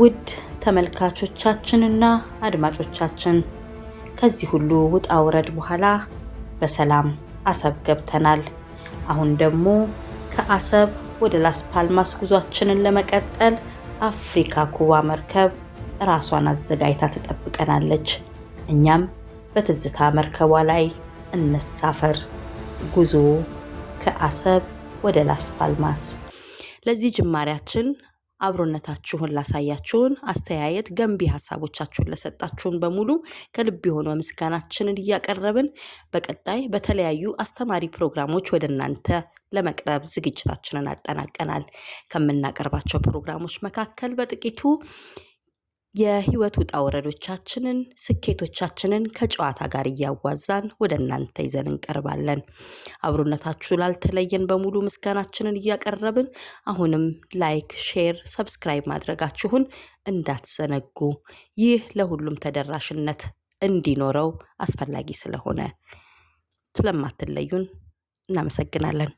ውድ ተመልካቾቻችንና አድማጮቻችን ከዚህ ሁሉ ውጣ ውረድ በኋላ በሰላም አሰብ ገብተናል። አሁን ደግሞ ከአሰብ ወደ ላስ ፓልማስ ጉዟችንን ለመቀጠል አፍሪካ ኩባ መርከብ ራሷን አዘጋጅታ ትጠብቀናለች። እኛም በትዝታ መርከቧ ላይ እንሳፈር። ጉዞ ከአሰብ ወደ ላስ ፓልማስ። ለዚህ ጅማሪያችን አብሮነታችሁን ላሳያችሁን አስተያየት፣ ገንቢ ሀሳቦቻችሁን ለሰጣችሁን በሙሉ ከልብ የሆነ ምስጋናችንን እያቀረብን በቀጣይ በተለያዩ አስተማሪ ፕሮግራሞች ወደ እናንተ ለመቅረብ ዝግጅታችንን አጠናቀናል። ከምናቀርባቸው ፕሮግራሞች መካከል በጥቂቱ የህይወት ውጣ ወረዶቻችንን ስኬቶቻችንን ከጨዋታ ጋር እያዋዛን ወደ እናንተ ይዘን እንቀርባለን። አብሮነታችሁ ላልተለየን በሙሉ ምስጋናችንን እያቀረብን አሁንም ላይክ፣ ሼር፣ ሰብስክራይብ ማድረጋችሁን እንዳትዘነጉ። ይህ ለሁሉም ተደራሽነት እንዲኖረው አስፈላጊ ስለሆነ ስለማትለዩን እናመሰግናለን።